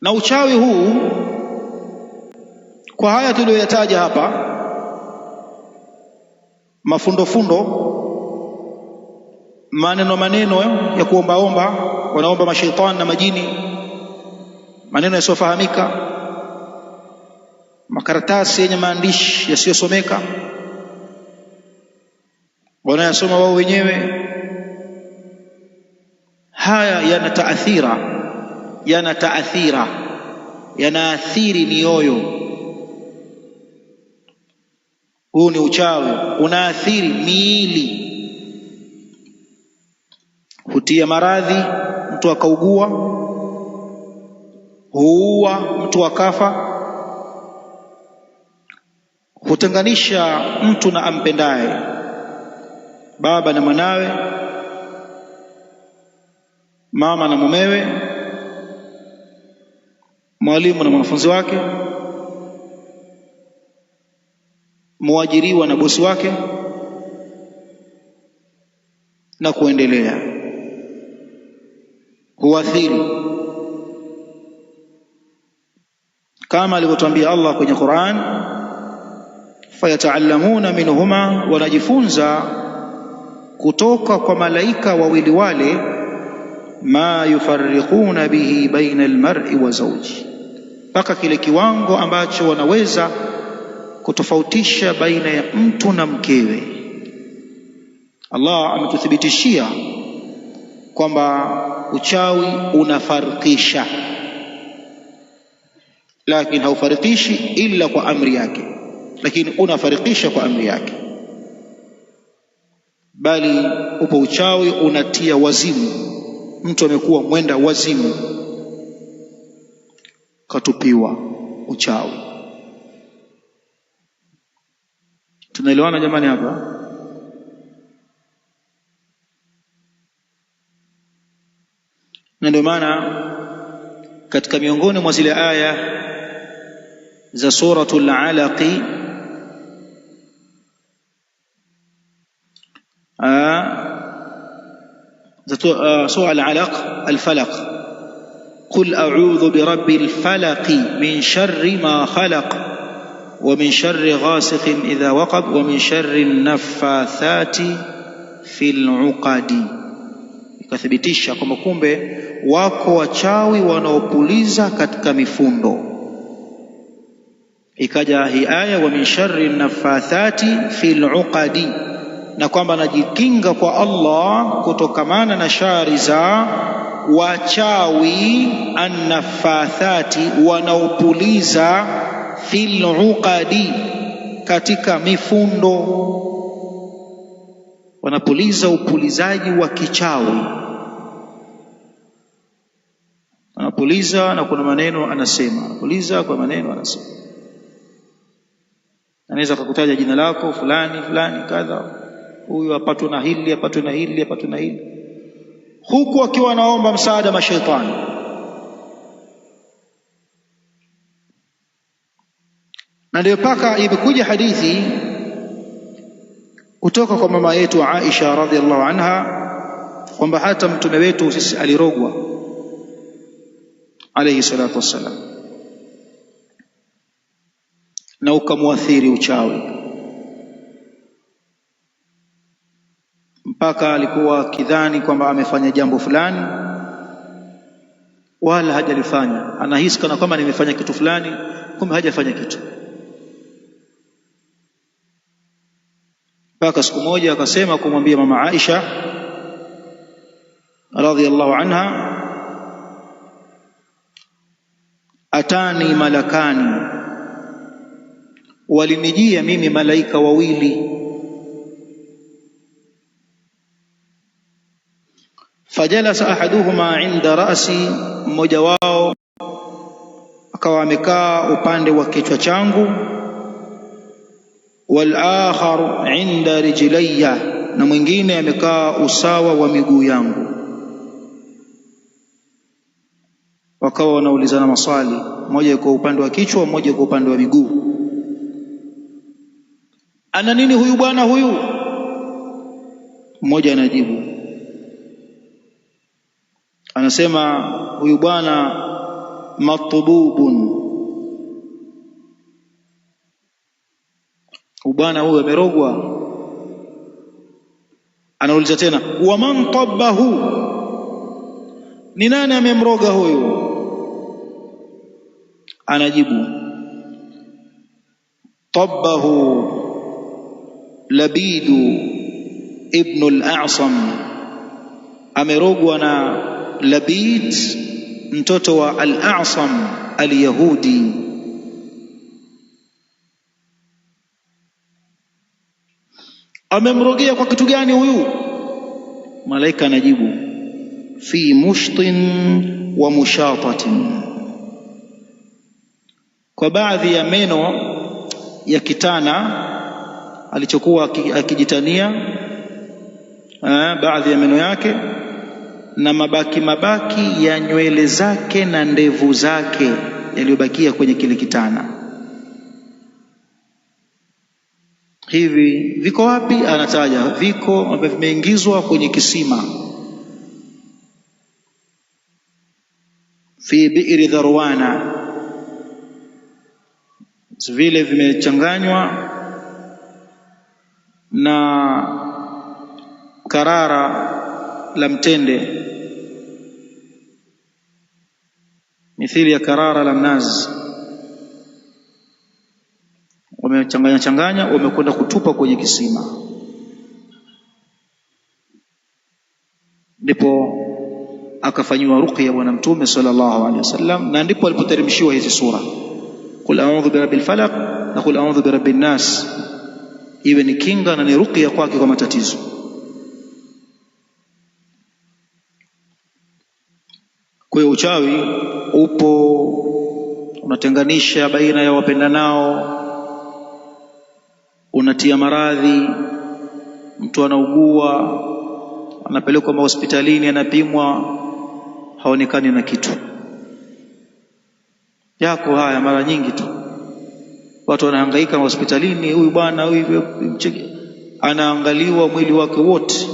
Na uchawi huu kwa haya tuliyoyataja hapa, mafundofundo, maneno maneno ya kuombaomba, wanaomba mashaitani na majini, maneno yasiyofahamika, makaratasi yenye maandishi yasiyosomeka, wanayasoma wao wenyewe, haya yana taathira yana taathira, yanaathiri mioyo. Huu ni uchawi, unaathiri miili, hutia maradhi, mtu akaugua, huua mtu akafa, hutenganisha mtu na ampendaye, baba na mwanawe, mama na mumewe mwalimu na mwanafunzi wake, muajiriwa na bosi wake na kuendelea. Huathiri kama alivyotambia Allah kwenye Qur'an, fayataallamuna minhuma, wanajifunza kutoka kwa malaika wawili wale ma yufarriquna bihi baina almar'i wa zawji mpaka kile kiwango ambacho wanaweza kutofautisha baina ya mtu na mkewe. Allah ametuthibitishia kwamba uchawi unafarikisha, lakini haufarikishi ila kwa amri yake, lakini unafarikisha kwa amri yake, bali upo uchawi unatia wazimu, mtu amekuwa mwenda wazimu katupiwa uchawi tunaelewana jamani hapa na ndio maana katika miongoni mwa zile aya za suratul alaqi za sura al-alaq al qul a'udhu birabbil falaqi min sharri ma khalaq wa min sharri ghasiqin idha waqab wa min sharri naffathati fil uqadi. Ikathibitisha kwamba kumbe wako wachawi wanaopuliza katika mifundo. Ikaja hii aya wa min sharri naffathati fil uqadi, na kwamba anajikinga kwa Allah kutokamana na shari za wachawi annafathati, wanaopuliza fil uqadi, katika mifundo, wanapuliza upulizaji wa kichawi, anapuliza na kuna maneno anasema, anapuliza kwa maneno anasema, anaweza akakutaja jina lako fulani fulani kadha, huyu apatwe na hili apatwe na hili apatwe na hili huku akiwa anaomba msaada mashaitani. Na ndio mpaka imekuja hadithi kutoka kwa mama yetu Aisha radhiallahu anha kwamba hata mtume wetu sisi alirogwa alayhi salatu wassalam, na ukamwathiri uchawi mpaka alikuwa akidhani kwamba amefanya jambo fulani wala hajalifanya, anahisi kana kwamba nimefanya kitu fulani, kumbe hajafanya kitu. Mpaka siku moja akasema kumwambia mama Aisha radhiyallahu anha, atani malakani, walinijia mimi malaika wawili Fajalasa ahaduhuma inda rasi, mmoja wao akawa amekaa upande wa kichwa changu. Wal akhar inda rijlaya, na mwingine amekaa usawa wa miguu yangu. Wakawa wanaulizana maswali, mmoja yuko upande wa kichwa, mmoja yuko upande wa miguu. Ana nini huyu bwana huyu? Mmoja anajibu Anasema huyu bwana matububun, ubwana huyu amerogwa. Anauliza tena, waman tabbahu, ni nani amemroga huyu? Anajibu, tabbahu Labidu ibnu al-A'sam, amerogwa na Labid mtoto wa al-A'sam al-Yahudi. Amemrogea kwa kitu gani huyu? Malaika anajibu fi mushtin wa mushatatin, kwa baadhi ya meno ya kitana alichokuwa akijitania eh, baadhi ya meno yake na mabaki mabaki ya nywele zake na ndevu zake yaliyobakia kwenye kile kitana. Hivi viko wapi? Anataja viko ambavyo vimeingizwa kwenye kisima, fi bi'ri dharwana, vile vimechanganywa na karara la mtende mithili ya karara la mnazi, wamechanganya changanya, wamekwenda kutupa kwenye kisima. Ndipo akafanyiwa ruqya Bwana Mtume sallallahu alaihi wasallam, na ndipo alipoteremshiwa hizi sura kul a'udhu birabbil falaq na kul a'udhu birabbin nas, iwe ni kinga na ni ruqya kwake kwa matatizo. Kwa hiyo uchawi upo unatenganisha baina ya wapendanao, unatia maradhi. Mtu anaugua anapelekwa mahospitalini, anapimwa, haonekani na kitu. Yako haya mara nyingi tu, watu wanahangaika mahospitalini, huyu bwana huyu, anaangaliwa mwili wake wote,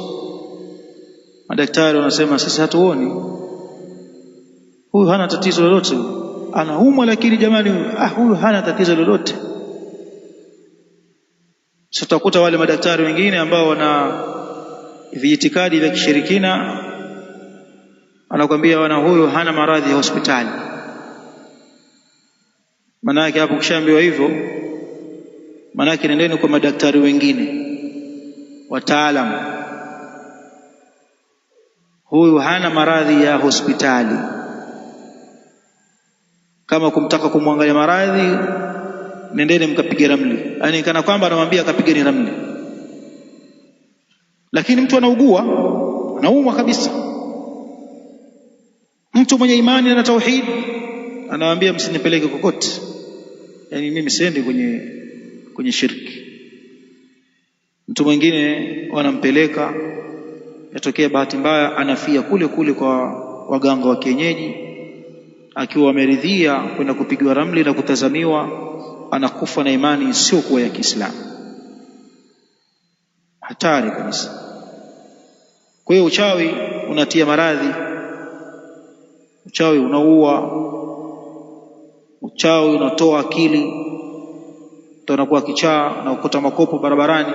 madaktari wanasema sisi hatuoni huyu hana tatizo lolote, anaumwa lakini jamani, ah, huyu hana tatizo lolote. Sasa utakuta wale madaktari wengine ambao wana viitikadi vya kishirikina, anakuambia wana huyu hana maradhi ya hospitali. Maanake hapo ukishaambiwa hivyo, maanake nendeni kwa madaktari wengine wataalam huyu hana maradhi ya hospitali. Kama kumtaka kumwangalia maradhi, nendeni mkapige ramli, yani kana kwamba anamwambia kapigeni ramli. Lakini mtu anaugua, anaumwa kabisa, mtu mwenye imani na tauhid anawaambia msinipeleke kokote, yani mimi siendi kwenye, kwenye shirki. Mtu mwingine wanampeleka, yatokea bahati mbaya, anafia kule kule kwa waganga wa kienyeji akiwa ameridhia kwenda kupigwa ramli na kutazamiwa, anakufa na imani isiyokuwa ya Kiislamu. Hatari kabisa. Kwa hiyo uchawi unatia maradhi, uchawi unaua, uchawi unatoa akili. Mtu anakuwa kichaa na makopo barabarani,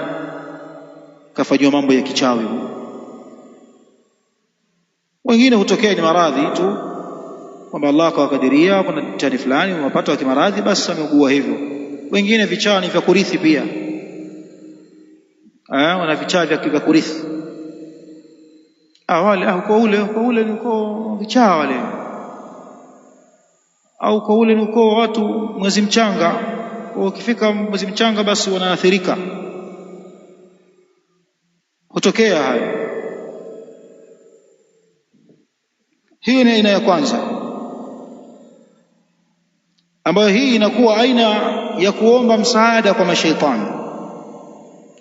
kafanyiwa mambo ya kichawi. Wengine hutokea ni maradhi tu kwamba Allah akawakadiria kuna tani fulani wamepata wa kimaradhi, basi wameugua hivyo. Wengine vichaa ni vya kurithi pia, eh, wana vichaa vya kurithi ah, wale, au ah, kwa ule kwa ule ni kwa vichaa wale, au ah, kwa ule ni kwa watu mwezi mchanga. Ukifika mwezi mchanga, basi wanaathirika, hutokea hayo. Hiyo ni aina ya kwanza ambayo hii inakuwa aina ya kuomba msaada kwa mashaitani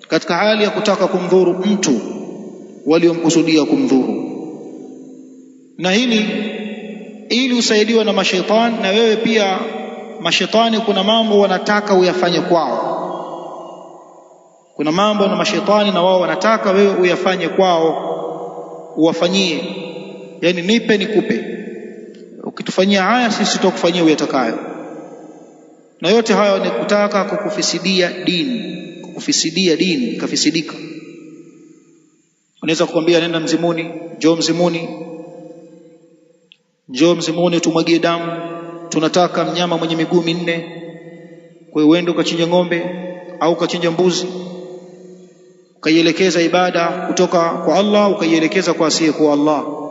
katika hali ya kutaka kumdhuru mtu waliomkusudia kumdhuru. Na hili ili usaidiwe na mashaitani, na wewe pia mashaitani, kuna mambo wanataka uyafanye kwao. Kuna mambo na mashaitani na wao wanataka wewe uyafanye kwao, uwafanyie, yani nipe nikupe, ukitufanyia haya sisi tutakufanyia uyatakayo na yote hayo ni kutaka kukufisidia dini, kukufisidia dini ikafisidika. Unaweza kukwambia nenda mzimuni, njoo mzimuni, njoo mzimuni tumwagie damu, tunataka mnyama mwenye miguu minne. Kwa hiyo uende ukachinja ng'ombe au ukachinja mbuzi, ukaielekeza ibada kutoka kwa Allah ukaielekeza kwa asiye kwa Allah.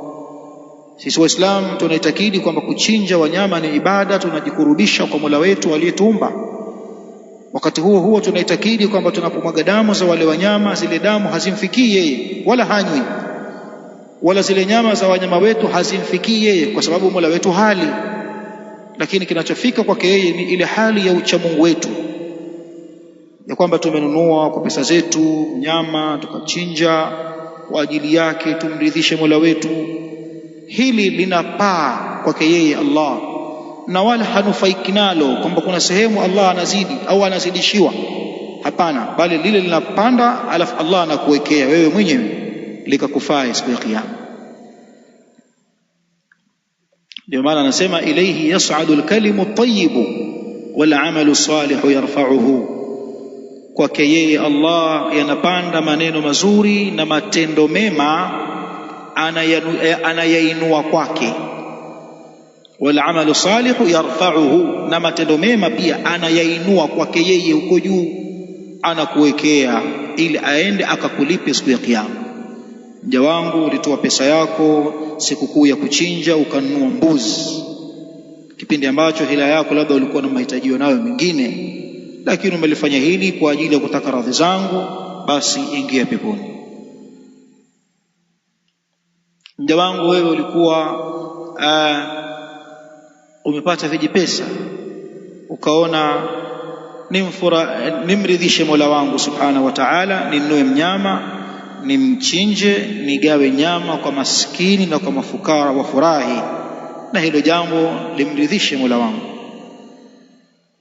Sisi Waislamu tunaitakidi kwamba kuchinja wanyama ni ibada, tunajikurubisha kwa Mola wetu aliyetuumba. Wakati huo huo, tunaitakidi kwamba tunapomwaga damu za wale wanyama, zile damu hazimfikii yeye wala hanywi, wala zile nyama za wanyama wetu hazimfikii yeye, kwa sababu Mola wetu hali, lakini kinachofika kwake yeye ni ile hali ya uchamungu wetu ya kwamba tumenunua kwa pesa zetu nyama tukachinja kwa ajili yake, tumridhishe Mola wetu hili linapaa kwake yeye Allah, na wala hanufaiki nalo kwamba kuna sehemu Allah anazidi au anazidishiwa. Hapana, bali lile linapanda, alafu Allah anakuwekea wewe mwenyewe likakufaa siku ya Kiyama. Ndio maana anasema ilaihi yas'adu lkalimu tayibu walamalu salihu yarfauhu, kwake yeye Allah yanapanda maneno mazuri na matendo mema Eh, anayainua kwake, wal salihu yarfa'uhu, na matendo mema pia anayainua kwake yeye huko juu, anakuwekea ili aende akakulipe siku ya Kiyama. Mja wangu, ulitoa pesa yako sikukuu ya kuchinja ukanunua mbuzi, kipindi ambacho hila yako labda ulikuwa na mahitajio nayo mengine, lakini umelifanya hili kwa ajili ya kutaka radhi zangu, basi ingia peponi mja wangu, wewe ulikuwa uh, umepata pesa ukaona nimridhishe Mola wangu subhanahu wa taala, ninue mnyama nimchinje, nigawe nyama kwa maskini na kwa mafukara wafurahi, na hilo jambo limridhishe Mola wangu.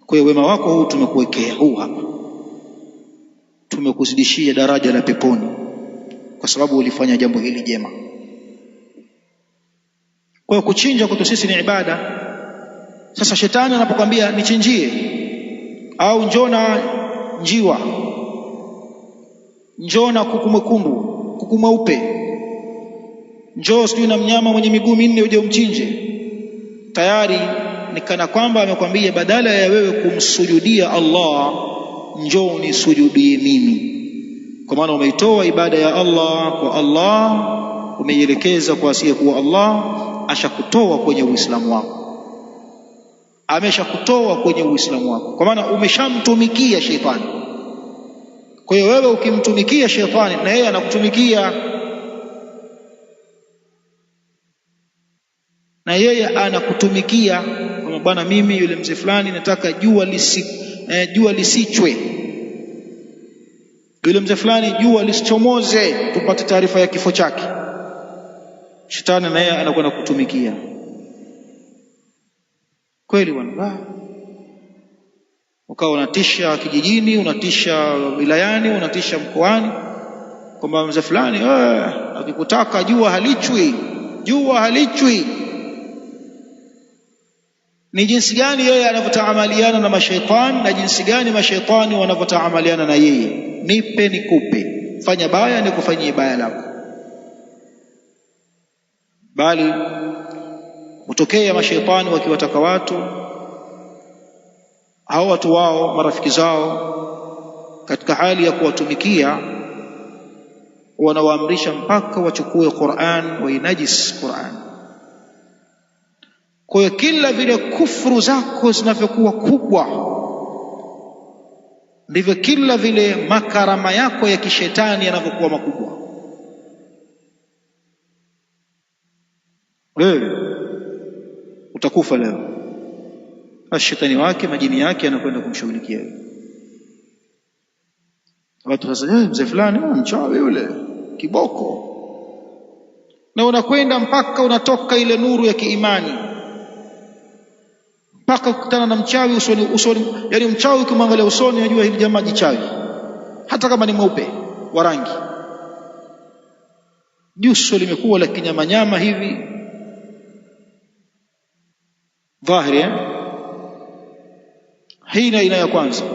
Kwa hiyo wema wako huu tumekuwekea huu hapa, tumekuzidishia daraja la peponi kwa sababu ulifanya jambo hili jema. Kwa hiyo kuchinja kwetu sisi ni ibada. Sasa shetani anapokwambia nichinjie au njona njiwa, njona kuku mwekundu, kuku mweupe, njoo sijui na mnyama mwenye miguu minne uje umchinje, tayari ni kana kwamba amekwambia badala ya wewe kumsujudia Allah, njoo unisujudie mimi, kwa maana umeitoa ibada ya Allah kwa Allah umeielekeza kwa asiyekuwa Allah, ashakutoa kwenye uislamu wako, ameshakutoa kwenye uislamu wako, kwa maana umeshamtumikia shetani. Kwa hiyo wewe ukimtumikia shetani, na yeye anakutumikia na yeye anakutumikia kama bwana, mimi yule mzee fulani nataka jua lisi, eh, jua lisichwe, yule mzee fulani jua lisichomoze, tupate taarifa ya kifo chake shetani naye anakwenda kutumikia kweli bwana. Ukawa unatisha kijijini, unatisha wilayani, unatisha mkoani kwamba mzee fulani eh, akikutaka jua halichwi, jua halichwi. Ni jinsi gani yeye anavyotaamaliana na mashaitani na jinsi gani mashaitani wanavyotaamaliana na yeye. Nipe nikupe, fanya baya nikufanyie baya lako bali hutokea mashaitani wakiwataka watu hao watu wao marafiki zao katika hali ya kuwatumikia wanawaamrisha mpaka wachukue Qur'an, wainajis Qur'an. Kwa hiyo kila vile kufuru zako zinavyokuwa kubwa, ndivyo kila vile makarama yako ya kishetani yanavyokuwa makubwa. wewe utakufa leo. Ashetani wake majini yake anakwenda kumshughulikia watu. Sasa eh, mzee fulani ah, mchawi yule kiboko, na unakwenda mpaka unatoka ile nuru ya kiimani mpaka kukutana na mchawi usoni, usoni. Yani mchawi ukimwangalia usoni unajua hili jamaa jichawi, hata kama ni mweupe wa rangi, juso limekuwa la kinyamanyama hivi dhahiri eh? Hii ni aina ya kwanza.